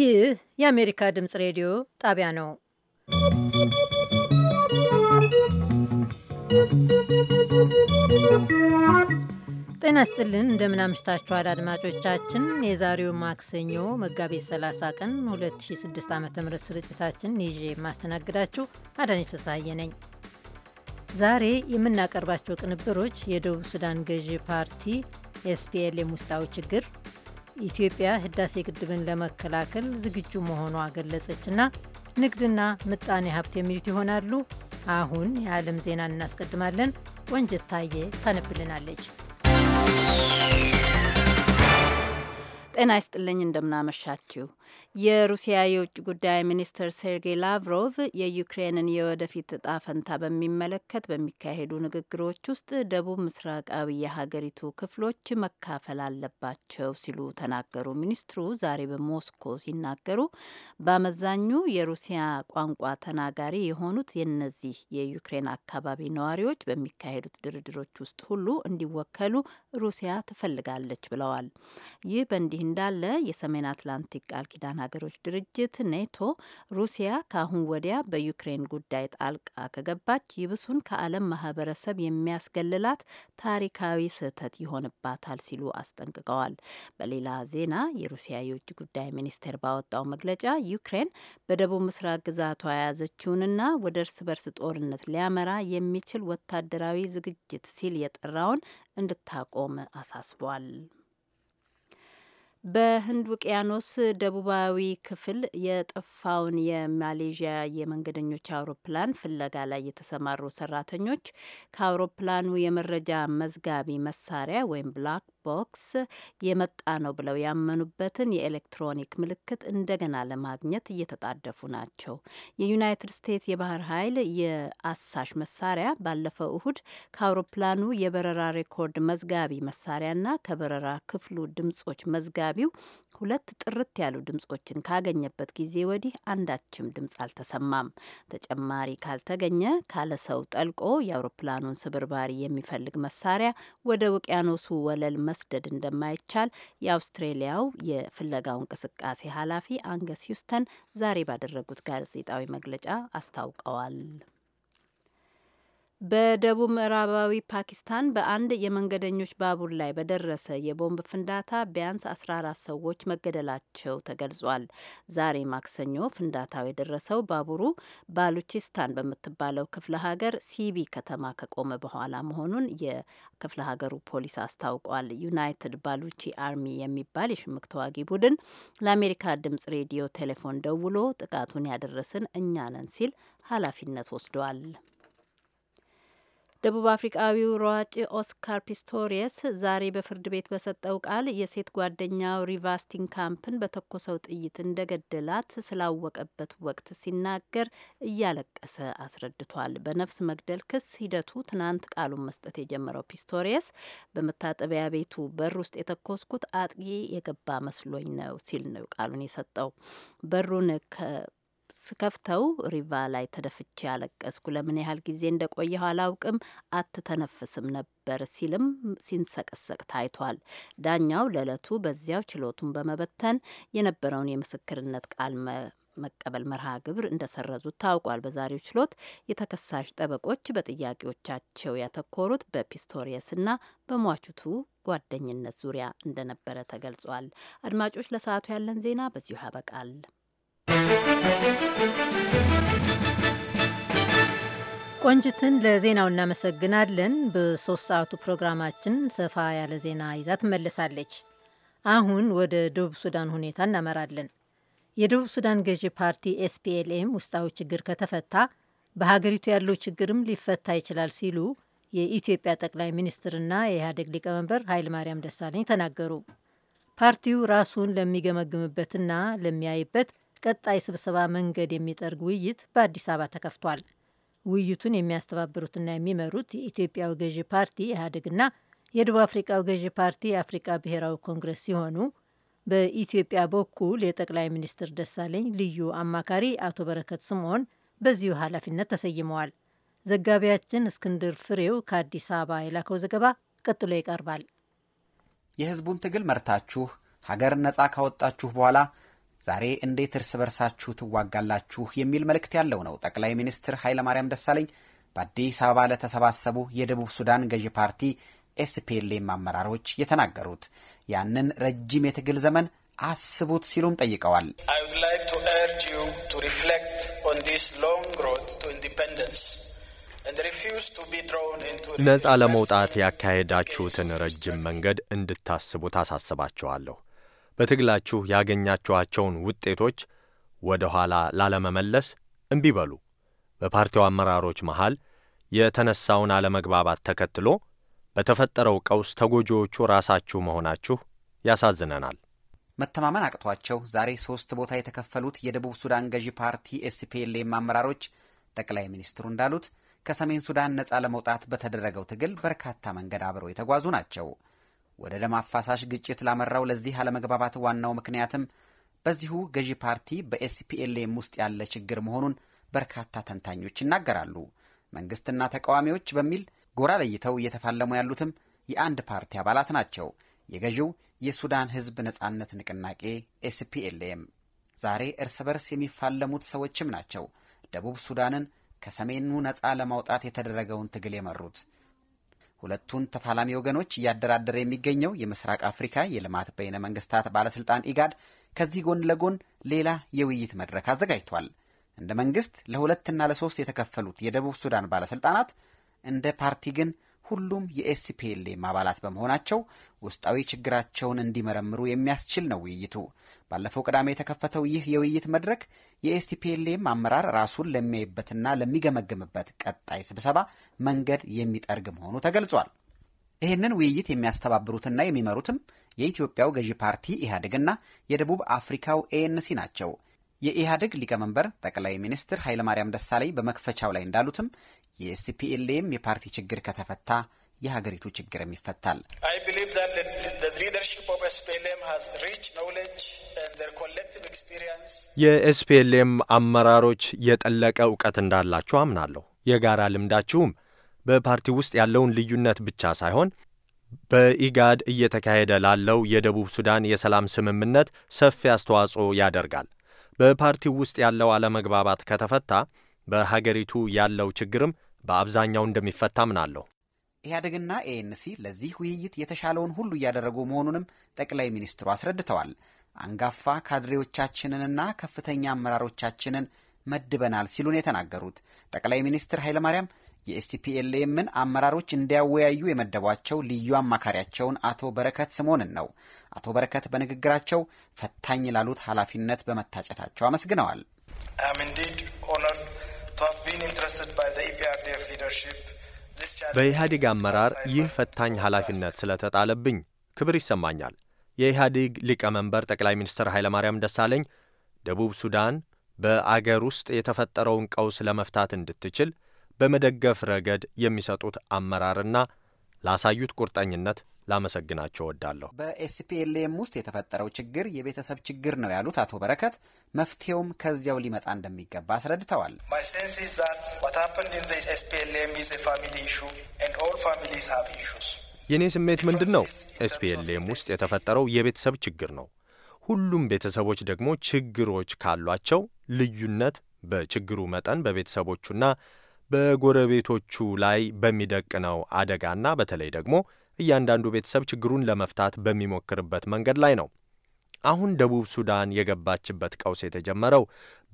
ይህ የአሜሪካ ድምፅ ሬዲዮ ጣቢያ ነው። ጤና ስጥልን፣ እንደምን አምሽታችኋል አድማጮቻችን። የዛሬው ማክሰኞ መጋቢት 30 ቀን 2006 ዓ ም ስርጭታችን ይዤ የማስተናግዳችሁ አዳነች ፍስሐዬ ነኝ። ዛሬ የምናቀርባቸው ቅንብሮች የደቡብ ሱዳን ገዢ ፓርቲ ኤስፒኤልኤም ውስጣዊ ችግር፣ ኢትዮጵያ ህዳሴ ግድብን ለመከላከል ዝግጁ መሆኗ ገለጸችና ንግድና ምጣኔ ሀብት የሚሉት ይሆናሉ። አሁን የዓለም ዜና እናስቀድማለን። ቆንጅት ታዬ ታነብልናለች። ጤና ይስጥልኝ እንደምናመሻችው የሩሲያ የውጭ ጉዳይ ሚኒስትር ሴርጌይ ላቭሮቭ የዩክሬንን የወደፊት እጣ ፈንታ በሚመለከት በሚካሄዱ ንግግሮች ውስጥ ደቡብ ምስራቃዊ የሀገሪቱ ክፍሎች መካፈል አለባቸው ሲሉ ተናገሩ። ሚኒስትሩ ዛሬ በሞስኮ ሲናገሩ በአመዛኙ የሩሲያ ቋንቋ ተናጋሪ የሆኑት የነዚህ የዩክሬን አካባቢ ነዋሪዎች በሚካሄዱት ድርድሮች ውስጥ ሁሉ እንዲወከሉ ሩሲያ ትፈልጋለች ብለዋል። ይህ በእንዲህ እንዳለ የሰሜን አትላንቲክ ቃል ኪዳን ሀገሮች ድርጅት ኔቶ ሩሲያ ከአሁን ወዲያ በዩክሬን ጉዳይ ጣልቃ ከገባች ይብሱን ከዓለም ማህበረሰብ የሚያስገልላት ታሪካዊ ስህተት ይሆንባታል ሲሉ አስጠንቅቀዋል። በሌላ ዜና የሩሲያ የውጭ ጉዳይ ሚኒስቴር ባወጣው መግለጫ ዩክሬን በደቡብ ምስራቅ ግዛቷ የያዘችውንና ወደ እርስ በርስ ጦርነት ሊያመራ የሚችል ወታደራዊ ዝግጅት ሲል የጠራውን እንድታቆም አሳስቧል። በህንድ ውቅያኖስ ደቡባዊ ክፍል የጠፋውን የማሌዥያ የመንገደኞች አውሮፕላን ፍለጋ ላይ የተሰማሩ ሰራተኞች ከአውሮፕላኑ የመረጃ መዝጋቢ መሳሪያ ወይም ብላክ ቦክስ የመጣ ነው ብለው ያመኑበትን የኤሌክትሮኒክ ምልክት እንደገና ለማግኘት እየተጣደፉ ናቸው። የዩናይትድ ስቴትስ የባህር ኃይል የአሳሽ መሳሪያ ባለፈው እሁድ ከአውሮፕላኑ የበረራ ሬኮርድ መዝጋቢ መሳሪያና ከበረራ ክፍሉ ድምጾች መዝጋቢው ሁለት ጥርት ያሉ ድምጾችን ካገኘበት ጊዜ ወዲህ አንዳችም ድምፅ አልተሰማም። ተጨማሪ ካልተገኘ ካለ ሰው ጠልቆ የአውሮፕላኑን ስብርባሪ የሚፈልግ መሳሪያ ወደ ውቅያኖሱ ወለል መስደድ እንደማይቻል የአውስትሬሊያው የፍለጋው እንቅስቃሴ ኃላፊ አንገስ ሂውስተን ዛሬ ባደረጉት ጋዜጣዊ መግለጫ አስታውቀዋል። በደቡብ ምዕራባዊ ፓኪስታን በአንድ የመንገደኞች ባቡር ላይ በደረሰ የቦምብ ፍንዳታ ቢያንስ 14 ሰዎች መገደላቸው ተገልጿል። ዛሬ ማክሰኞ ፍንዳታው የደረሰው ባቡሩ ባሉቺስታን በምትባለው ክፍለ ሀገር ሲቢ ከተማ ከቆመ በኋላ መሆኑን የክፍለ ሀገሩ ፖሊስ አስታውቋል። ዩናይትድ ባሉቺ አርሚ የሚባል የሽምቅ ተዋጊ ቡድን ለአሜሪካ ድምጽ ሬዲዮ ቴሌፎን ደውሎ ጥቃቱን ያደረስን እኛ ነን ሲል ኃላፊነት ወስደዋል። ደቡብ አፍሪካዊው ሯጭ ኦስካር ፒስቶሪየስ ዛሬ በፍርድ ቤት በሰጠው ቃል የሴት ጓደኛው ሪቫ ስቲንካምፕን በተኮሰው ጥይት እንደገደላት ስላወቀበት ወቅት ሲናገር እያለቀሰ አስረድቷል። በነፍስ መግደል ክስ ሂደቱ ትናንት ቃሉን መስጠት የጀመረው ፒስቶሪየስ በመታጠቢያ ቤቱ በር ውስጥ የተኮስኩት አጥቂ የገባ መስሎኝ ነው ሲል ነው ቃሉን የሰጠው። በሩን ስከፍተው ሪቫ ላይ ተደፍቼ ያለቀስኩ። ለምን ያህል ጊዜ እንደቆየሁ አላውቅም። አትተነፍስም ነበር ሲልም ሲንሰቀሰቅ ታይቷል። ዳኛው ለዕለቱ በዚያው ችሎቱን በመበተን የነበረውን የምስክርነት ቃል መቀበል መርሃ ግብር እንደሰረዙት ታውቋል። በዛሬው ችሎት የተከሳሽ ጠበቆች በጥያቄዎቻቸው ያተኮሩት በፒስቶሪየስና በሟቹቱ ጓደኝነት ዙሪያ እንደነበረ ተገልጿል። አድማጮች፣ ለሰዓቱ ያለን ዜና በዚሁ ያበቃል። ቆንጅትን ለዜናው እናመሰግናለን። በሶስት ሰዓቱ ፕሮግራማችን ሰፋ ያለ ዜና ይዛ ትመለሳለች። አሁን ወደ ደቡብ ሱዳን ሁኔታ እናመራለን። የደቡብ ሱዳን ገዢ ፓርቲ ኤስፒኤልኤም ውስጣዊ ችግር ከተፈታ በሀገሪቱ ያለው ችግርም ሊፈታ ይችላል ሲሉ የኢትዮጵያ ጠቅላይ ሚኒስትርና የኢህአዴግ ሊቀመንበር ኃይለማርያም ደሳለኝ ተናገሩ። ፓርቲው ራሱን ለሚገመግምበትና ለሚያይበት ቀጣይ ስብሰባ መንገድ የሚጠርግ ውይይት በአዲስ አበባ ተከፍቷል። ውይይቱን የሚያስተባብሩትና የሚመሩት የኢትዮጵያው ገዢ ፓርቲ ኢህአዴግና የደቡብ አፍሪቃው ገዢ ፓርቲ የአፍሪቃ ብሔራዊ ኮንግረስ ሲሆኑ በኢትዮጵያ በኩል የጠቅላይ ሚኒስትር ደሳለኝ ልዩ አማካሪ አቶ በረከት ስምዖን በዚሁ ኃላፊነት ተሰይመዋል። ዘጋቢያችን እስክንድር ፍሬው ከአዲስ አበባ የላከው ዘገባ ቀጥሎ ይቀርባል። የህዝቡን ትግል መርታችሁ ሀገር ነጻ ካወጣችሁ በኋላ ዛሬ እንዴት እርስ በርሳችሁ ትዋጋላችሁ የሚል መልእክት ያለው ነው ጠቅላይ ሚኒስትር ኃይለማርያም ደሳለኝ በአዲስ አበባ ለተሰባሰቡ የደቡብ ሱዳን ገዢ ፓርቲ ኤስፒኤልኤም አመራሮች የተናገሩት። ያንን ረጅም የትግል ዘመን አስቡት ሲሉም ጠይቀዋል። ነፃ ለመውጣት ያካሄዳችሁትን ረጅም መንገድ እንድታስቡ አሳስባችኋለሁ። በትግላችሁ ያገኛችኋቸውን ውጤቶች ወደ ኋላ ላለመመለስ እምቢ በሉ። በፓርቲው አመራሮች መሃል የተነሳውን አለመግባባት ተከትሎ በተፈጠረው ቀውስ ተጎጂዎቹ ራሳችሁ መሆናችሁ ያሳዝነናል። መተማመን አቅቷቸው ዛሬ ሶስት ቦታ የተከፈሉት የደቡብ ሱዳን ገዢ ፓርቲ ኤስፒኤልኤም አመራሮች ጠቅላይ ሚኒስትሩ እንዳሉት ከሰሜን ሱዳን ነፃ ለመውጣት በተደረገው ትግል በርካታ መንገድ አብረው የተጓዙ ናቸው። ወደ ደም አፋሳሽ ግጭት ላመራው ለዚህ አለመግባባት ዋናው ምክንያትም በዚሁ ገዢ ፓርቲ በኤስፒኤልኤም ውስጥ ያለ ችግር መሆኑን በርካታ ተንታኞች ይናገራሉ። መንግስትና ተቃዋሚዎች በሚል ጎራ ለይተው እየተፋለሙ ያሉትም የአንድ ፓርቲ አባላት ናቸው። የገዢው የሱዳን ሕዝብ ነጻነት ንቅናቄ ኤስፒኤልኤም ዛሬ እርስ በርስ የሚፋለሙት ሰዎችም ናቸው። ደቡብ ሱዳንን ከሰሜኑ ነፃ ለማውጣት የተደረገውን ትግል የመሩት ሁለቱን ተፋላሚ ወገኖች እያደራደረ የሚገኘው የምስራቅ አፍሪካ የልማት በይነ መንግስታት ባለስልጣን ኢጋድ ከዚህ ጎን ለጎን ሌላ የውይይት መድረክ አዘጋጅቷል። እንደ መንግስት ለሁለትና ለሶስት የተከፈሉት የደቡብ ሱዳን ባለስልጣናት እንደ ፓርቲ ግን ሁሉም የኤስፒኤልኤም አባላት በመሆናቸው ውስጣዊ ችግራቸውን እንዲመረምሩ የሚያስችል ነው ውይይቱ። ባለፈው ቅዳሜ የተከፈተው ይህ የውይይት መድረክ የኤስፒኤልኤም አመራር ራሱን ለሚያይበትና ለሚገመግምበት ቀጣይ ስብሰባ መንገድ የሚጠርግ መሆኑ ተገልጿል። ይህንን ውይይት የሚያስተባብሩትና የሚመሩትም የኢትዮጵያው ገዢ ፓርቲ ኢህአዴግና የደቡብ አፍሪካው ኤንሲ ናቸው። የኢህአዴግ ሊቀመንበር ጠቅላይ ሚኒስትር ኃይለማርያም ደሳለኝ በመክፈቻው ላይ እንዳሉትም የኤስፒኤልኤም የፓርቲ ችግር ከተፈታ የሀገሪቱ ችግርም ይፈታል። የኤስፒኤልኤም አመራሮች የጠለቀ እውቀት እንዳላችሁ አምናለሁ። የጋራ ልምዳችሁም በፓርቲ ውስጥ ያለውን ልዩነት ብቻ ሳይሆን በኢጋድ እየተካሄደ ላለው የደቡብ ሱዳን የሰላም ስምምነት ሰፊ አስተዋጽኦ ያደርጋል። በፓርቲው ውስጥ ያለው አለመግባባት ከተፈታ በሀገሪቱ ያለው ችግርም በአብዛኛው እንደሚፈታ ምናለሁ። ኢህአዴግና ኤኤንሲ ለዚህ ውይይት የተሻለውን ሁሉ እያደረጉ መሆኑንም ጠቅላይ ሚኒስትሩ አስረድተዋል። አንጋፋ ካድሬዎቻችንንና ከፍተኛ አመራሮቻችንን መድበናል ሲሉን የተናገሩት ጠቅላይ ሚኒስትር ኃይለማርያም የኤስቲፒኤልኤምን አመራሮች እንዲያወያዩ የመደቧቸው ልዩ አማካሪያቸውን አቶ በረከት ስምኦንን ነው። አቶ በረከት በንግግራቸው ፈታኝ ላሉት ኃላፊነት በመታጨታቸው አመስግነዋል። በኢህአዴግ አመራር ይህ ፈታኝ ኃላፊነት ስለተጣለብኝ ክብር ይሰማኛል። የኢህአዴግ ሊቀመንበር ጠቅላይ ሚኒስትር ኃይለማርያም ደሳለኝ ደቡብ ሱዳን በአገር ውስጥ የተፈጠረውን ቀውስ ለመፍታት እንድትችል በመደገፍ ረገድ የሚሰጡት አመራርና ላሳዩት ቁርጠኝነት ላመሰግናቸው ወዳለሁ በኤስፒኤልኤም ውስጥ የተፈጠረው ችግር የቤተሰብ ችግር ነው ያሉት አቶ በረከት መፍትሄውም ከዚያው ሊመጣ እንደሚገባ አስረድተዋል። የእኔ ስሜት ምንድን ነው? ኤስፒኤልኤም ውስጥ የተፈጠረው የቤተሰብ ችግር ነው። ሁሉም ቤተሰቦች ደግሞ ችግሮች ካሏቸው ልዩነት በችግሩ መጠን በቤተሰቦቹና በጎረቤቶቹ ላይ በሚደቅነው አደጋና በተለይ ደግሞ እያንዳንዱ ቤተሰብ ችግሩን ለመፍታት በሚሞክርበት መንገድ ላይ ነው። አሁን ደቡብ ሱዳን የገባችበት ቀውስ የተጀመረው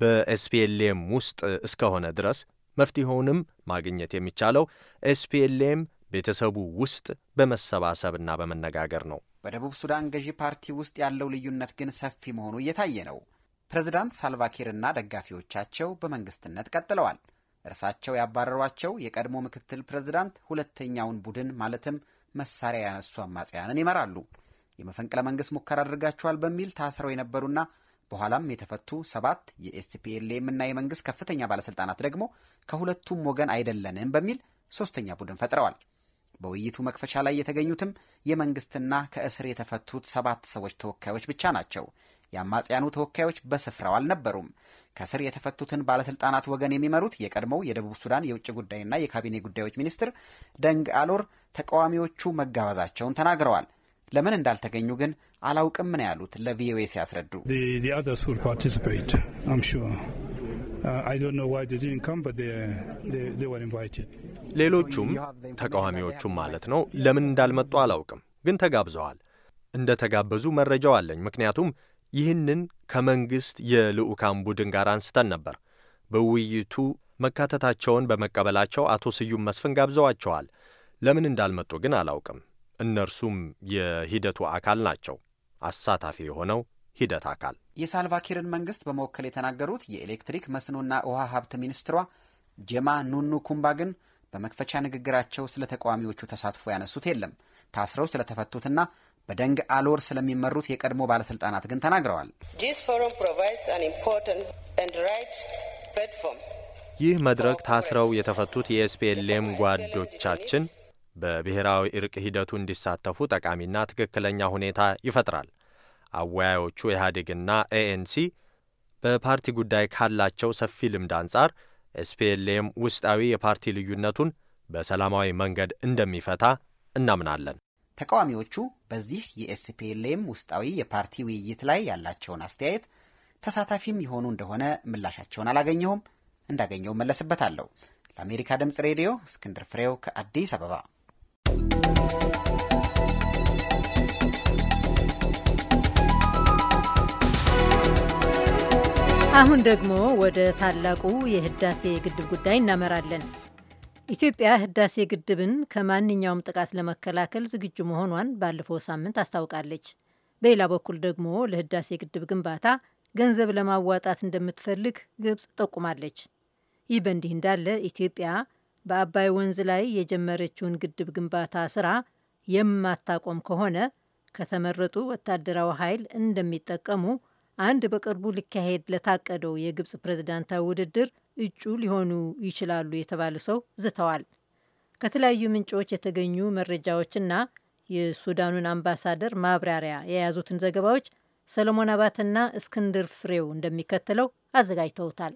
በኤስፒኤልኤም ውስጥ እስከሆነ ድረስ መፍትሄውንም ማግኘት የሚቻለው ኤስፒኤልኤም ቤተሰቡ ውስጥ በመሰባሰብና በመነጋገር ነው። በደቡብ ሱዳን ገዢ ፓርቲ ውስጥ ያለው ልዩነት ግን ሰፊ መሆኑ እየታየ ነው። ፕሬዝዳንት ሳልቫኪርና ደጋፊዎቻቸው በመንግስትነት ቀጥለዋል። እርሳቸው ያባረሯቸው የቀድሞ ምክትል ፕሬዝዳንት ሁለተኛውን ቡድን ማለትም መሳሪያ ያነሱ አማጽያንን ይመራሉ። የመፈንቅለ መንግስት ሙከራ አድርጋቸዋል በሚል ታስረው የነበሩና በኋላም የተፈቱ ሰባት የኤስፒኤልኤም እና የመንግስት ከፍተኛ ባለስልጣናት ደግሞ ከሁለቱም ወገን አይደለንም በሚል ሶስተኛ ቡድን ፈጥረዋል። በውይይቱ መክፈቻ ላይ የተገኙትም የመንግስትና ከእስር የተፈቱት ሰባት ሰዎች ተወካዮች ብቻ ናቸው። የአማጽያኑ ተወካዮች በስፍራው አልነበሩም። ከስር የተፈቱትን ባለስልጣናት ወገን የሚመሩት የቀድሞው የደቡብ ሱዳን የውጭ ጉዳይና የካቢኔ ጉዳዮች ሚኒስትር ደንግ አሎር ተቃዋሚዎቹ መጋበዛቸውን ተናግረዋል። ለምን እንዳልተገኙ ግን አላውቅም ነው ያሉት ለቪኦኤ ሲያስረዱ uh, ሌሎቹም ተቃዋሚዎቹም ማለት ነው ለምን እንዳልመጡ አላውቅም፣ ግን ተጋብዘዋል። እንደ ተጋበዙ መረጃው አለኝ፣ ምክንያቱም ይህንን ከመንግሥት የልዑካን ቡድን ጋር አንስተን ነበር። በውይይቱ መካተታቸውን በመቀበላቸው አቶ ስዩም መስፍን ጋብዘዋቸዋል። ለምን እንዳልመጡ ግን አላውቅም። እነርሱም የሂደቱ አካል ናቸው። አሳታፊ የሆነው ሂደት አካል የሳልቫኪርን መንግስት በመወከል የተናገሩት የኤሌክትሪክ መስኖና ውሃ ሀብት ሚኒስትሯ ጀማ ኑኑ ኩምባ ግን በመክፈቻ ንግግራቸው ስለ ተቃዋሚዎቹ ተሳትፎ ያነሱት የለም። ታስረው ስለተፈቱትና በደንግ አልወር ስለሚመሩት የቀድሞ ባለስልጣናት ግን ተናግረዋል። ይህ መድረክ ታስረው የተፈቱት የኤስፒኤልኤም ጓዶቻችን በብሔራዊ እርቅ ሂደቱ እንዲሳተፉ ጠቃሚና ትክክለኛ ሁኔታ ይፈጥራል። አወያዮቹ ኢህአዴግና ኤኤንሲ በፓርቲ ጉዳይ ካላቸው ሰፊ ልምድ አንጻር ኤስፒኤልኤም ውስጣዊ የፓርቲ ልዩነቱን በሰላማዊ መንገድ እንደሚፈታ እናምናለን። ተቃዋሚዎቹ በዚህ የኤስፒኤልኤም ውስጣዊ የፓርቲ ውይይት ላይ ያላቸውን አስተያየት ተሳታፊም የሆኑ እንደሆነ ምላሻቸውን አላገኘሁም። እንዳገኘው መለስበታለሁ። ለአሜሪካ ድምፅ ሬዲዮ እስክንድር ፍሬው ከአዲስ አበባ። አሁን ደግሞ ወደ ታላቁ የህዳሴ ግድብ ጉዳይ እናመራለን። ኢትዮጵያ ህዳሴ ግድብን ከማንኛውም ጥቃት ለመከላከል ዝግጁ መሆኗን ባለፈው ሳምንት አስታውቃለች። በሌላ በኩል ደግሞ ለህዳሴ ግድብ ግንባታ ገንዘብ ለማዋጣት እንደምትፈልግ ግብፅ ጠቁማለች። ይህ በእንዲህ እንዳለ ኢትዮጵያ በአባይ ወንዝ ላይ የጀመረችውን ግድብ ግንባታ ስራ የማታቆም ከሆነ ከተመረጡ ወታደራዊ ኃይል እንደሚጠቀሙ አንድ በቅርቡ ሊካሄድ ለታቀደው የግብፅ ፕሬዝዳንታዊ ውድድር እጩ ሊሆኑ ይችላሉ የተባለ ሰው ዝተዋል። ከተለያዩ ምንጮች የተገኙ መረጃዎችና የሱዳኑን አምባሳደር ማብራሪያ የያዙትን ዘገባዎች ሰለሞን አባትና እስክንድር ፍሬው እንደሚከተለው አዘጋጅተውታል።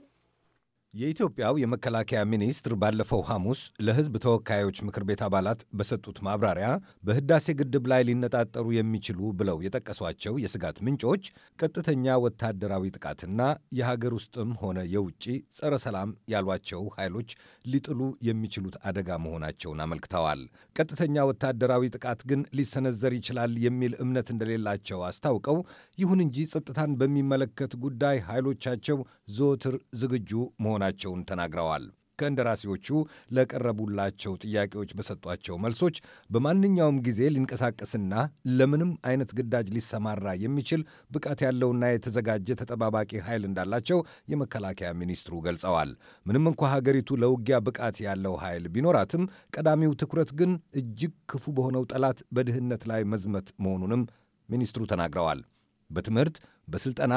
የኢትዮጵያው የመከላከያ ሚኒስትር ባለፈው ሐሙስ ለሕዝብ ተወካዮች ምክር ቤት አባላት በሰጡት ማብራሪያ በሕዳሴ ግድብ ላይ ሊነጣጠሩ የሚችሉ ብለው የጠቀሷቸው የስጋት ምንጮች ቀጥተኛ ወታደራዊ ጥቃትና የሀገር ውስጥም ሆነ የውጭ ጸረ ሰላም ያሏቸው ኃይሎች ሊጥሉ የሚችሉት አደጋ መሆናቸውን አመልክተዋል። ቀጥተኛ ወታደራዊ ጥቃት ግን ሊሰነዘር ይችላል የሚል እምነት እንደሌላቸው አስታውቀው፣ ይሁን እንጂ ጸጥታን በሚመለከት ጉዳይ ኃይሎቻቸው ዘወትር ዝግጁ መሆን መሆናቸውን ተናግረዋል። ከእንደራሴዎቹ ለቀረቡላቸው ጥያቄዎች በሰጧቸው መልሶች በማንኛውም ጊዜ ሊንቀሳቀስና ለምንም አይነት ግዳጅ ሊሰማራ የሚችል ብቃት ያለውና የተዘጋጀ ተጠባባቂ ኃይል እንዳላቸው የመከላከያ ሚኒስትሩ ገልጸዋል። ምንም እንኳ ሀገሪቱ ለውጊያ ብቃት ያለው ኃይል ቢኖራትም ቀዳሚው ትኩረት ግን እጅግ ክፉ በሆነው ጠላት በድህነት ላይ መዝመት መሆኑንም ሚኒስትሩ ተናግረዋል። በትምህርት፣ በስልጠና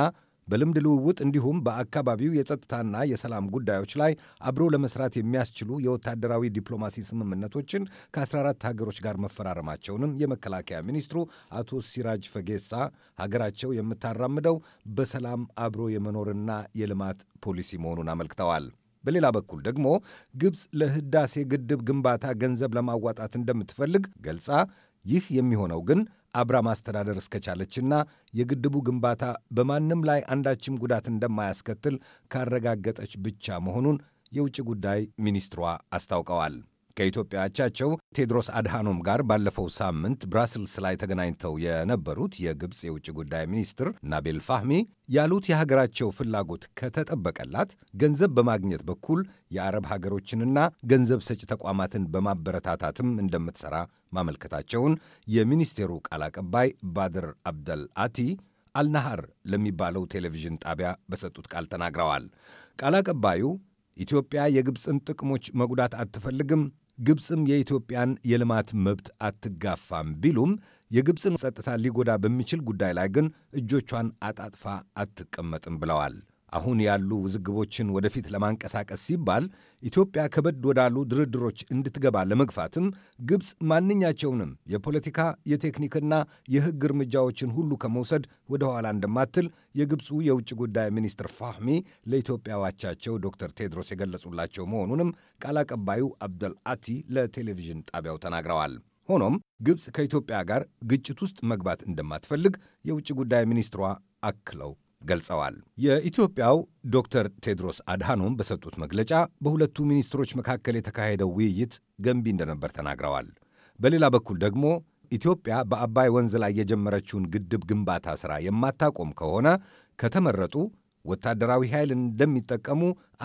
በልምድ ልውውጥ እንዲሁም በአካባቢው የጸጥታና የሰላም ጉዳዮች ላይ አብሮ ለመስራት የሚያስችሉ የወታደራዊ ዲፕሎማሲ ስምምነቶችን ከ14 ሀገሮች ጋር መፈራረማቸውንም የመከላከያ ሚኒስትሩ አቶ ሲራጅ ፈጌሳ ሀገራቸው የምታራምደው በሰላም አብሮ የመኖርና የልማት ፖሊሲ መሆኑን አመልክተዋል። በሌላ በኩል ደግሞ ግብፅ ለህዳሴ ግድብ ግንባታ ገንዘብ ለማዋጣት እንደምትፈልግ ገልጻ ይህ የሚሆነው ግን አብራ ማስተዳደር እስከቻለችና የግድቡ ግንባታ በማንም ላይ አንዳችም ጉዳት እንደማያስከትል ካረጋገጠች ብቻ መሆኑን የውጭ ጉዳይ ሚኒስትሯ አስታውቀዋል። ከኢትዮጵያ አቻቸው ቴድሮስ አድሃኖም ጋር ባለፈው ሳምንት ብራስልስ ላይ ተገናኝተው የነበሩት የግብፅ የውጭ ጉዳይ ሚኒስትር ናቤል ፋህሚ ያሉት የሀገራቸው ፍላጎት ከተጠበቀላት ገንዘብ በማግኘት በኩል የአረብ ሀገሮችንና ገንዘብ ሰጪ ተቋማትን በማበረታታትም እንደምትሰራ ማመልከታቸውን የሚኒስቴሩ ቃል አቀባይ ባድር አብደል አቲ አልናሃር ለሚባለው ቴሌቪዥን ጣቢያ በሰጡት ቃል ተናግረዋል። ቃል አቀባዩ ኢትዮጵያ የግብፅን ጥቅሞች መጉዳት አትፈልግም፣ ግብፅም የኢትዮጵያን የልማት መብት አትጋፋም ቢሉም የግብፅን ጸጥታ ሊጎዳ በሚችል ጉዳይ ላይ ግን እጆቿን አጣጥፋ አትቀመጥም ብለዋል። አሁን ያሉ ውዝግቦችን ወደፊት ለማንቀሳቀስ ሲባል ኢትዮጵያ ከበድ ወዳሉ ድርድሮች እንድትገባ ለመግፋትም ግብፅ ማንኛቸውንም የፖለቲካ የቴክኒክና የሕግ እርምጃዎችን ሁሉ ከመውሰድ ወደ ኋላ እንደማትል የግብፁ የውጭ ጉዳይ ሚኒስትር ፋህሚ ለኢትዮጵያ ዋቻቸው ዶክተር ቴድሮስ የገለጹላቸው መሆኑንም ቃል አቀባዩ አብደል አቲ ለቴሌቪዥን ጣቢያው ተናግረዋል። ሆኖም ግብፅ ከኢትዮጵያ ጋር ግጭት ውስጥ መግባት እንደማትፈልግ የውጭ ጉዳይ ሚኒስትሯ አክለው ገልጸዋል። የኢትዮጵያው ዶክተር ቴድሮስ አድሃኖም በሰጡት መግለጫ በሁለቱ ሚኒስትሮች መካከል የተካሄደው ውይይት ገንቢ እንደነበር ተናግረዋል። በሌላ በኩል ደግሞ ኢትዮጵያ በአባይ ወንዝ ላይ የጀመረችውን ግድብ ግንባታ ሥራ የማታቆም ከሆነ ከተመረጡ ወታደራዊ ኃይል እንደሚጠቀሙ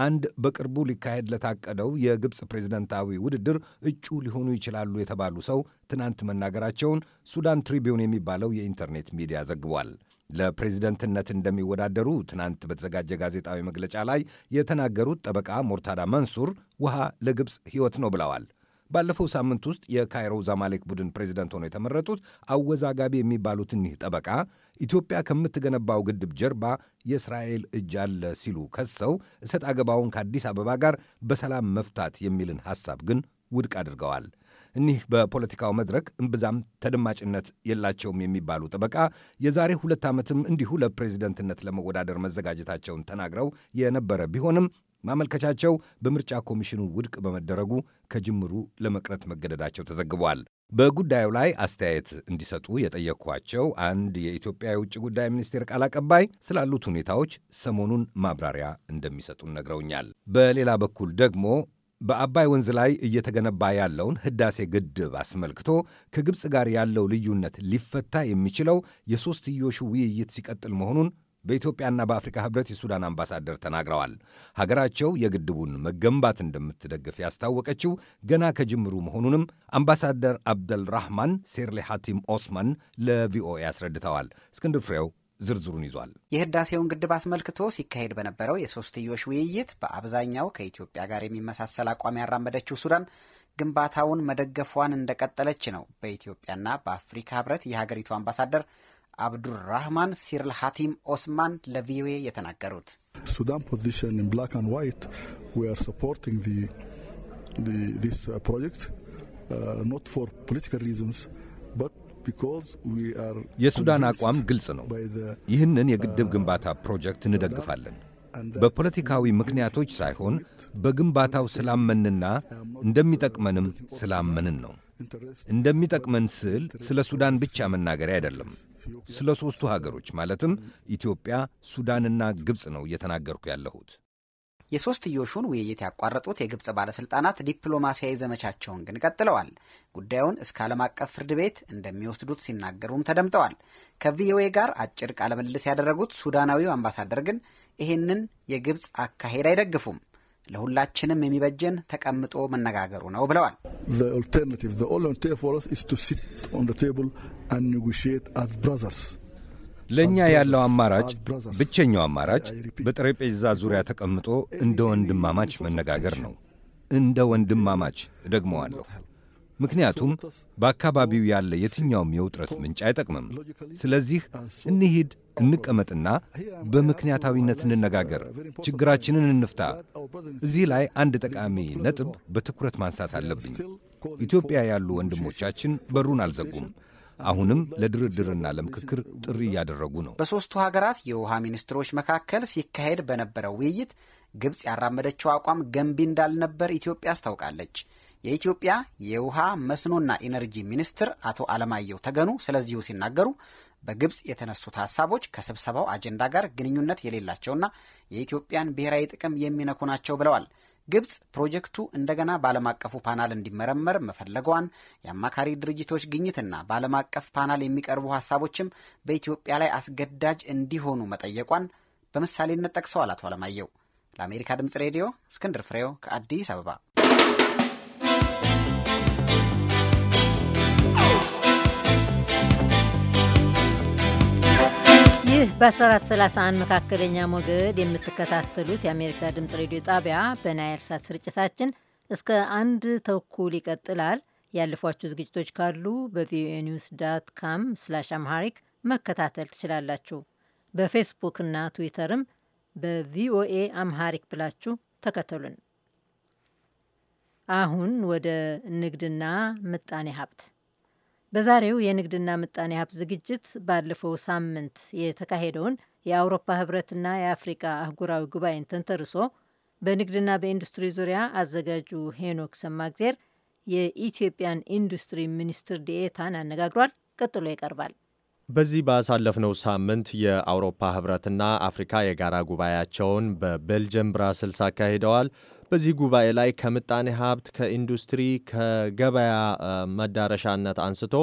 አንድ በቅርቡ ሊካሄድ ለታቀደው የግብፅ ፕሬዝደንታዊ ውድድር እጩ ሊሆኑ ይችላሉ የተባሉ ሰው ትናንት መናገራቸውን ሱዳን ትሪቢዩን የሚባለው የኢንተርኔት ሚዲያ ዘግቧል። ለፕሬዚደንትነት እንደሚወዳደሩ ትናንት በተዘጋጀ ጋዜጣዊ መግለጫ ላይ የተናገሩት ጠበቃ ሞርታዳ መንሱር ውሃ ለግብፅ ሕይወት ነው ብለዋል። ባለፈው ሳምንት ውስጥ የካይሮ ዛማሌክ ቡድን ፕሬዚደንት ሆነው የተመረጡት አወዛጋቢ የሚባሉት እኒህ ጠበቃ ኢትዮጵያ ከምትገነባው ግድብ ጀርባ የእስራኤል እጅ አለ ሲሉ ከሰው እሰጥ አገባውን ከአዲስ አበባ ጋር በሰላም መፍታት የሚልን ሐሳብ ግን ውድቅ አድርገዋል። እኒህ በፖለቲካው መድረክ እምብዛም ተደማጭነት የላቸውም የሚባሉ ጠበቃ የዛሬ ሁለት ዓመትም እንዲሁ ለፕሬዚደንትነት ለመወዳደር መዘጋጀታቸውን ተናግረው የነበረ ቢሆንም ማመልከቻቸው በምርጫ ኮሚሽኑ ውድቅ በመደረጉ ከጅምሩ ለመቅረት መገደዳቸው ተዘግቧል። በጉዳዩ ላይ አስተያየት እንዲሰጡ የጠየቅኳቸው አንድ የኢትዮጵያ የውጭ ጉዳይ ሚኒስቴር ቃል አቀባይ ስላሉት ሁኔታዎች ሰሞኑን ማብራሪያ እንደሚሰጡን ነግረውኛል። በሌላ በኩል ደግሞ በአባይ ወንዝ ላይ እየተገነባ ያለውን ህዳሴ ግድብ አስመልክቶ ከግብፅ ጋር ያለው ልዩነት ሊፈታ የሚችለው የሦስትዮሹ ውይይት ሲቀጥል መሆኑን በኢትዮጵያና በአፍሪካ ህብረት የሱዳን አምባሳደር ተናግረዋል። ሀገራቸው የግድቡን መገንባት እንደምትደግፍ ያስታወቀችው ገና ከጅምሩ መሆኑንም አምባሳደር አብደልራህማን ሴርሌ ሐቲም ኦስማን ለቪኦኤ አስረድተዋል። እስክንድር ፍሬው ዝርዝሩን ይዟል። የህዳሴውን ግድብ አስመልክቶ ሲካሄድ በነበረው የሶስትዮሽ ውይይት በአብዛኛው ከኢትዮጵያ ጋር የሚመሳሰል አቋም ያራመደችው ሱዳን ግንባታውን መደገፏን እንደቀጠለች ነው በኢትዮጵያና በአፍሪካ ህብረት የሀገሪቱ አምባሳደር አብዱራህማን ሲርል ሀቲም ኦስማን ለቪኦኤ የተናገሩት ሱዳን ፖዚሽን ኢን ብላክ አንድ ዋይት ዊ አር ሰፖርቲንግ ዲስ ፕሮጀክት ኖት ፎር ፖለቲካል ሪዝንስ የሱዳን አቋም ግልጽ ነው። ይህንን የግድብ uh, ግንባታ ፕሮጀክት እንደግፋለን። በፖለቲካዊ ምክንያቶች ሳይሆን በግንባታው ስላመንና እንደሚጠቅመንም ስላመንን ነው። እንደሚጠቅመን ስል ስለ ሱዳን ብቻ መናገር አይደለም። ስለ ሦስቱ ሀገሮች ማለትም ኢትዮጵያ፣ ሱዳንና ግብፅ ነው እየተናገርኩ ያለሁት። የሶስትዮሹን ውይይት ያቋረጡት የግብጽ ባለስልጣናት ዲፕሎማሲያዊ ዘመቻቸውን ግን ቀጥለዋል። ጉዳዩን እስከ ዓለም አቀፍ ፍርድ ቤት እንደሚወስዱት ሲናገሩም ተደምጠዋል። ከቪኦኤ ጋር አጭር ቃለ ምልልስ ያደረጉት ሱዳናዊው አምባሳደር ግን ይህንን የግብጽ አካሄድ አይደግፉም። ለሁላችንም የሚበጀን ተቀምጦ መነጋገሩ ነው ብለዋል። ኦልተርናቲቭ ኦልተርናቲቭ ፎር አስ ቱ ሲት ኦን ቴብል አንድ ብራዘርስ ለእኛ ያለው አማራጭ ብቸኛው አማራጭ በጠረጴዛ ዙሪያ ተቀምጦ እንደ ወንድማማች መነጋገር ነው። እንደ ወንድማማች እደግመዋለሁ። ምክንያቱም በአካባቢው ያለ የትኛውም የውጥረት ምንጭ አይጠቅምም። ስለዚህ uh, እንሂድ፣ oh, እንቀመጥና በምክንያታዊነት እንነጋገር፣ ችግራችንን እንፍታ። oh, እዚህ ላይ አንድ ጠቃሚ ነጥብ በትኩረት ማንሳት አለብኝ። ኢትዮጵያ ያሉ ወንድሞቻችን በሩን አልዘጉም። አሁንም ለድርድርና ለምክክር ጥሪ እያደረጉ ነው። በሦስቱ ሀገራት የውሃ ሚኒስትሮች መካከል ሲካሄድ በነበረው ውይይት ግብፅ ያራመደችው አቋም ገንቢ እንዳልነበር ኢትዮጵያ አስታውቃለች። የኢትዮጵያ የውሃ መስኖና ኢነርጂ ሚኒስትር አቶ አለማየሁ ተገኑ ስለዚሁ ሲናገሩ በግብፅ የተነሱት ሀሳቦች ከስብሰባው አጀንዳ ጋር ግንኙነት የሌላቸውና የኢትዮጵያን ብሔራዊ ጥቅም የሚነኩ ናቸው ብለዋል። ግብጽ ፕሮጀክቱ እንደገና በዓለም አቀፉ ፓናል እንዲመረመር መፈለገዋን የአማካሪ ድርጅቶች ግኝትና በዓለም አቀፍ ፓናል የሚቀርቡ ሀሳቦችም በኢትዮጵያ ላይ አስገዳጅ እንዲሆኑ መጠየቋን በምሳሌነት ጠቅሰዋል አቶ አለማየሁ። ለአሜሪካ ድምጽ ሬዲዮ እስክንድር ፍሬው ከአዲስ አበባ ይህ በ1431 መካከለኛ ሞገድ የምትከታተሉት የአሜሪካ ድምፅ ሬዲዮ ጣቢያ በናይል ሳት ስርጭታችን እስከ አንድ ተኩል ይቀጥላል። ያለፏችሁ ዝግጅቶች ካሉ በቪኦኤ ኒውስ ዳት ካም ስላሽ አምሃሪክ መከታተል ትችላላችሁ። በፌስቡክና ትዊተርም በቪኦኤ አምሃሪክ ብላችሁ ተከተሉን። አሁን ወደ ንግድና ምጣኔ ሀብት በዛሬው የንግድና ምጣኔ ሀብት ዝግጅት ባለፈው ሳምንት የተካሄደውን የአውሮፓ ህብረትና የአፍሪቃ አህጉራዊ ጉባኤን ተንተርሶ በንግድና በኢንዱስትሪ ዙሪያ አዘጋጁ ሄኖክ ሰማግዜር የኢትዮጵያን ኢንዱስትሪ ሚኒስትር ዲኤታን አነጋግሯል። ቀጥሎ ይቀርባል። በዚህ ባሳለፍነው ሳምንት የአውሮፓ ህብረትና አፍሪካ የጋራ ጉባኤያቸውን በቤልጅየም ብራስልስ አካሂደዋል። በዚህ ጉባኤ ላይ ከምጣኔ ሀብት፣ ከኢንዱስትሪ፣ ከገበያ መዳረሻነት አንስቶ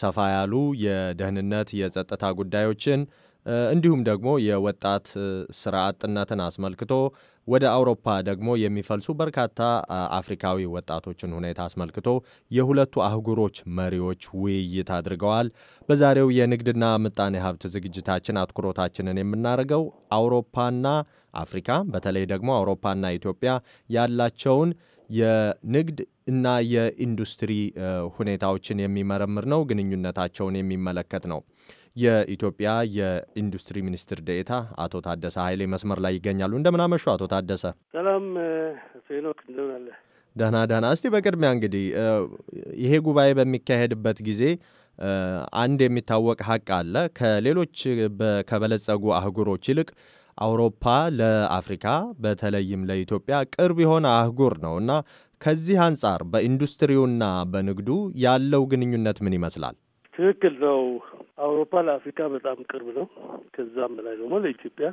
ሰፋ ያሉ የደህንነት፣ የጸጥታ ጉዳዮችን እንዲሁም ደግሞ የወጣት ስራ አጥነትን አስመልክቶ ወደ አውሮፓ ደግሞ የሚፈልሱ በርካታ አፍሪካዊ ወጣቶችን ሁኔታ አስመልክቶ የሁለቱ አህጉሮች መሪዎች ውይይት አድርገዋል። በዛሬው የንግድና ምጣኔ ሀብት ዝግጅታችን አትኩሮታችንን የምናደርገው አውሮፓና አፍሪካ በተለይ ደግሞ አውሮፓና ኢትዮጵያ ያላቸውን የንግድ እና የኢንዱስትሪ ሁኔታዎችን የሚመረምር ነው። ግንኙነታቸውን የሚመለከት ነው። የኢትዮጵያ የኢንዱስትሪ ሚኒስትር ደኤታ አቶ ታደሰ ኃይሌ መስመር ላይ ይገኛሉ። እንደምናመሹ አቶ ታደሰ። ሰላም ፌኖክ፣ እንደምን አለ? ደህና ደህና። እስቲ በቅድሚያ እንግዲህ ይሄ ጉባኤ በሚካሄድበት ጊዜ አንድ የሚታወቅ ሀቅ አለ። ከሌሎች ከበለጸጉ አህጉሮች ይልቅ አውሮፓ ለአፍሪካ በተለይም ለኢትዮጵያ ቅርብ የሆነ አህጉር ነው እና ከዚህ አንጻር በኢንዱስትሪውና በንግዱ ያለው ግንኙነት ምን ይመስላል? ትክክል ነው። አውሮፓ ለአፍሪካ በጣም ቅርብ ነው። ከዛም በላይ ደግሞ ለኢትዮጵያ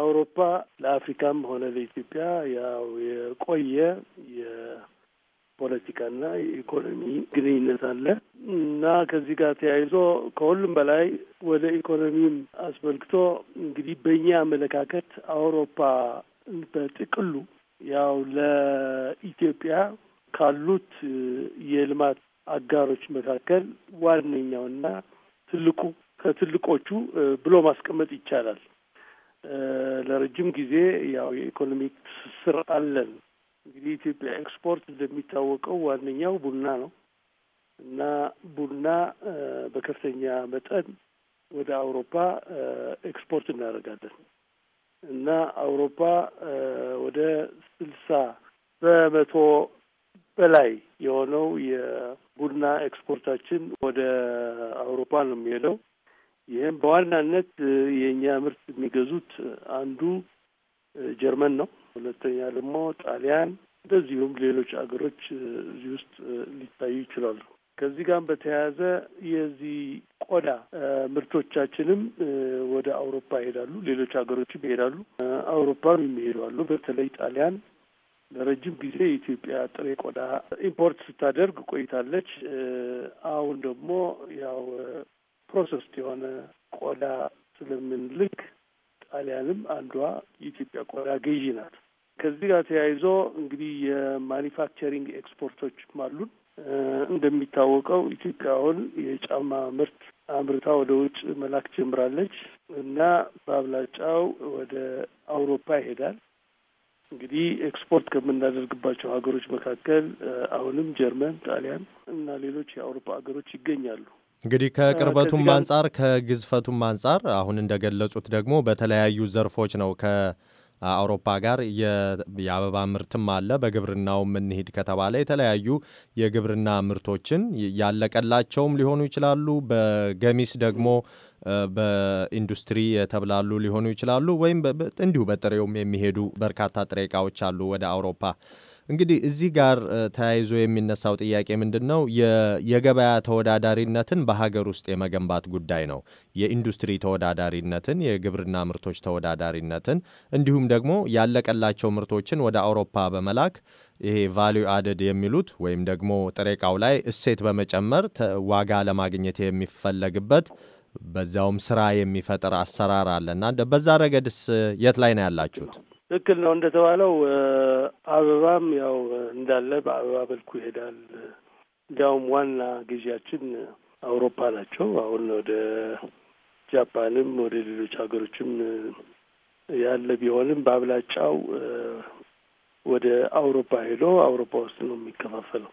አውሮፓ ለአፍሪካም ሆነ ለኢትዮጵያ ያው የቆየ የፖለቲካና የኢኮኖሚ ግንኙነት አለ እና ከዚህ ጋር ተያይዞ ከሁሉም በላይ ወደ ኢኮኖሚም አስመልክቶ እንግዲህ በእኛ አመለካከት አውሮፓ በጥቅሉ ያው ለኢትዮጵያ ካሉት የልማት አጋሮች መካከል ዋነኛውና ትልቁ ከትልቆቹ ብሎ ማስቀመጥ ይቻላል። ለረጅም ጊዜ ያው የኢኮኖሚክ ትስስር አለን። እንግዲህ ኢትዮጵያ ኤክስፖርት እንደሚታወቀው ዋነኛው ቡና ነው እና ቡና በከፍተኛ መጠን ወደ አውሮፓ ኤክስፖርት እናደርጋለን እና አውሮፓ ወደ ስልሳ በመቶ በላይ የሆነው የቡና ኤክስፖርታችን ወደ አውሮፓ ነው የሚሄደው። ይህም በዋናነት የእኛ ምርት የሚገዙት አንዱ ጀርመን ነው፣ ሁለተኛ ደግሞ ጣሊያን፣ እንደዚሁም ሌሎች አገሮች እዚህ ውስጥ ሊታዩ ይችላሉ። ከዚህ ጋር በተያያዘ የዚህ ቆዳ ምርቶቻችንም ወደ አውሮፓ ይሄዳሉ። ሌሎች ሀገሮችም ይሄዳሉ። አውሮፓም ይሄዳሉ። በተለይ ጣሊያን ለረጅም ጊዜ የኢትዮጵያ ጥሬ ቆዳ ኢምፖርት ስታደርግ ቆይታለች። አሁን ደግሞ ያው ፕሮሰስ የሆነ ቆዳ ስለምንልክ ጣሊያንም አንዷ የኢትዮጵያ ቆዳ ገዢ ናት። ከዚህ ጋር ተያይዞ እንግዲህ የማኒፋክቸሪንግ ኤክስፖርቶችም አሉን። እንደሚታወቀው ኢትዮጵያ አሁን የጫማ ምርት አምርታ ወደ ውጭ መላክ ጀምራለች እና በአብላጫው ወደ አውሮፓ ይሄዳል። እንግዲህ ኤክስፖርት ከምናደርግባቸው ሀገሮች መካከል አሁንም ጀርመን፣ ጣሊያን እና ሌሎች የአውሮፓ ሀገሮች ይገኛሉ። እንግዲህ ከቅርበቱም አንጻር ከግዝፈቱም አንጻር አሁን እንደገለጹት ደግሞ በተለያዩ ዘርፎች ነው ከአውሮፓ ጋር የአበባ ምርትም አለ። በግብርናው የምንሄድ ከተባለ የተለያዩ የግብርና ምርቶችን ያለቀላቸውም ሊሆኑ ይችላሉ። በገሚስ ደግሞ በኢንዱስትሪ የተብላሉ ሊሆኑ ይችላሉ፣ ወይም እንዲሁ በጥሬውም የሚሄዱ በርካታ ጥሬ እቃዎች አሉ ወደ አውሮፓ። እንግዲህ እዚህ ጋር ተያይዞ የሚነሳው ጥያቄ ምንድን ነው? የገበያ ተወዳዳሪነትን በሀገር ውስጥ የመገንባት ጉዳይ ነው። የኢንዱስትሪ ተወዳዳሪነትን፣ የግብርና ምርቶች ተወዳዳሪነትን እንዲሁም ደግሞ ያለቀላቸው ምርቶችን ወደ አውሮፓ በመላክ ይሄ ቫሊዩ አደድ የሚሉት ወይም ደግሞ ጥሬ እቃው ላይ እሴት በመጨመር ዋጋ ለማግኘት የሚፈለግበት በዚያውም ስራ የሚፈጥር አሰራር አለና በዛ ረገድስ የት ላይ ነው ያላችሁት? ትክክል ነው እንደተባለው አበባም ያው እንዳለ በአበባ በልኩ ይሄዳል። እንዲያውም ዋና ጊዜያችን አውሮፓ ናቸው። አሁን ወደ ጃፓንም ወደ ሌሎች ሀገሮችም ያለ ቢሆንም በአብላጫው ወደ አውሮፓ ሄዶ አውሮፓ ውስጥ ነው የሚከፋፈለው።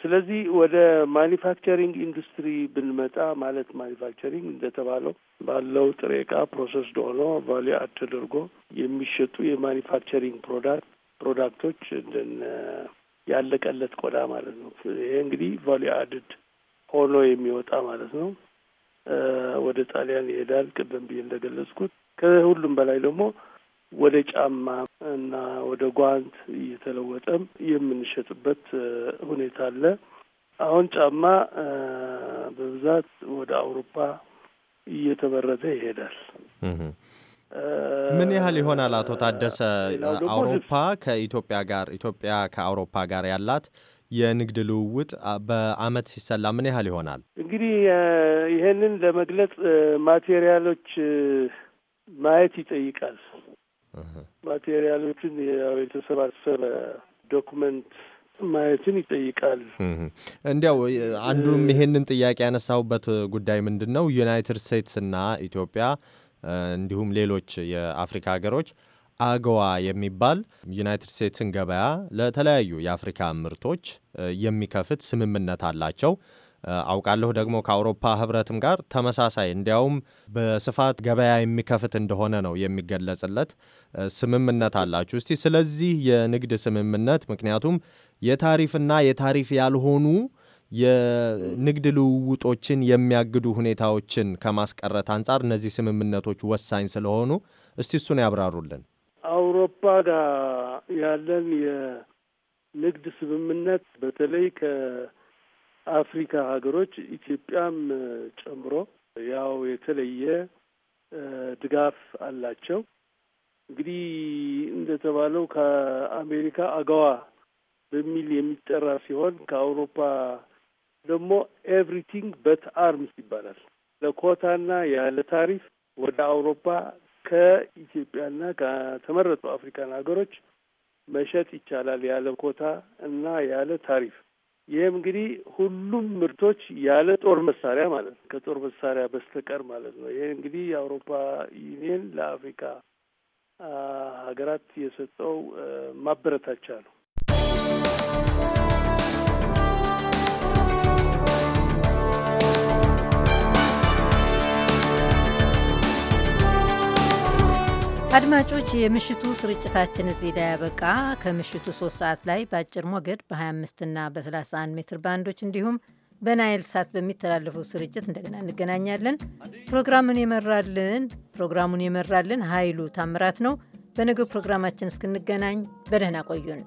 ስለዚህ ወደ ማኒፋክቸሪንግ ኢንዱስትሪ ብንመጣ ማለት ማኒፋክቸሪንግ እንደተባለው ባለው ጥሬ እቃ ፕሮሰስ ሆኖ ቫሊዩ አድ ተደርጎ የሚሸጡ የማኒፋክቸሪንግ ፕሮዳክት ፕሮዳክቶች እንደነ ያለቀለት ቆዳ ማለት ነው። ይሄ እንግዲህ ቫሊዩ አድድ ሆኖ የሚወጣ ማለት ነው። ወደ ጣሊያን ይሄዳል። ቅድም ብዬ እንደገለጽኩት ከሁሉም በላይ ደግሞ ወደ ጫማ እና ወደ ጓንት እየተለወጠም የምንሸጥበት ሁኔታ አለ። አሁን ጫማ በብዛት ወደ አውሮፓ እየተመረተ ይሄዳል። ምን ያህል ይሆናል? አቶ ታደሰ አውሮፓ ከኢትዮጵያ ጋር ኢትዮጵያ ከአውሮፓ ጋር ያላት የንግድ ልውውጥ በአመት ሲሰላ ምን ያህል ይሆናል? እንግዲህ ይህንን ለመግለጽ ማቴሪያሎች ማየት ይጠይቃል። ማቴሪያሎችን የተሰባሰበ ዶኩመንት ማየትን ይጠይቃል። እንዲያው አንዱም ይሄንን ጥያቄ ያነሳውበት ጉዳይ ምንድን ነው ዩናይትድ ስቴትስና ኢትዮጵያ እንዲሁም ሌሎች የአፍሪካ ሀገሮች አገዋ የሚባል ዩናይትድ ስቴትስን ገበያ ለተለያዩ የአፍሪካ ምርቶች የሚከፍት ስምምነት አላቸው። አውቃለሁ ደግሞ ከአውሮፓ ህብረትም ጋር ተመሳሳይ እንዲያውም በስፋት ገበያ የሚከፍት እንደሆነ ነው የሚገለጽለት ስምምነት አላችሁ። እስቲ ስለዚህ የንግድ ስምምነት ምክንያቱም የታሪፍና የታሪፍ ያልሆኑ የንግድ ልውውጦችን የሚያግዱ ሁኔታዎችን ከማስቀረት አንጻር እነዚህ ስምምነቶች ወሳኝ ስለሆኑ እስቲ እሱን ያብራሩልን። አውሮፓ ጋር ያለን የንግድ ስምምነት በተለይ አፍሪካ ሀገሮች ኢትዮጵያም ጨምሮ ያው የተለየ ድጋፍ አላቸው። እንግዲህ እንደተባለው ከአሜሪካ አገዋ በሚል የሚጠራ ሲሆን ከአውሮፓ ደግሞ ኤቭሪቲንግ በት አርምስ ይባላል። ለኮታና ያለ ታሪፍ ወደ አውሮፓ ከኢትዮጵያና ከተመረጡ አፍሪካን ሀገሮች መሸጥ ይቻላል ያለ ኮታ እና ያለ ታሪፍ። ይህም እንግዲህ ሁሉም ምርቶች ያለ ጦር መሳሪያ ማለት ነው፣ ከጦር መሳሪያ በስተቀር ማለት ነው። ይህ እንግዲህ የአውሮፓ ዩኒየን ለአፍሪካ ሀገራት የሰጠው ማበረታቻ ነው። አድማጮች የምሽቱ ስርጭታችን እዚህ ላይ ያበቃ። ከምሽቱ ሶስት ሰዓት ላይ በአጭር ሞገድ በ 25 እና በ31 ሜትር ባንዶች እንዲሁም በናይል ሳት በሚተላለፈው ስርጭት እንደገና እንገናኛለን። ፕሮግራሙን የመራልን ፕሮግራሙን የመራልን ኃይሉ ታምራት ነው። በነገው ፕሮግራማችን እስክንገናኝ በደህና ቆዩን።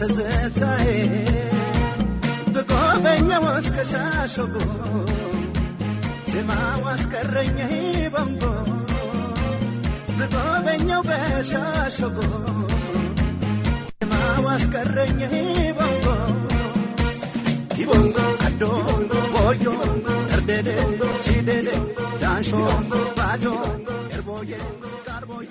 ትንሰዘሳዬ ብጎበኛው እስከሻሸጎ ዜማው አስቀረኝ በንጎ ብጎበኛው በሻሸጎ ዜማው አስቀረኝ በንጎ ዲቦንጎ አዶ ቦዮ ደርደደ ቺደደ ዳንሾ ባጆ ኤርቦዬ ቃርቦዬ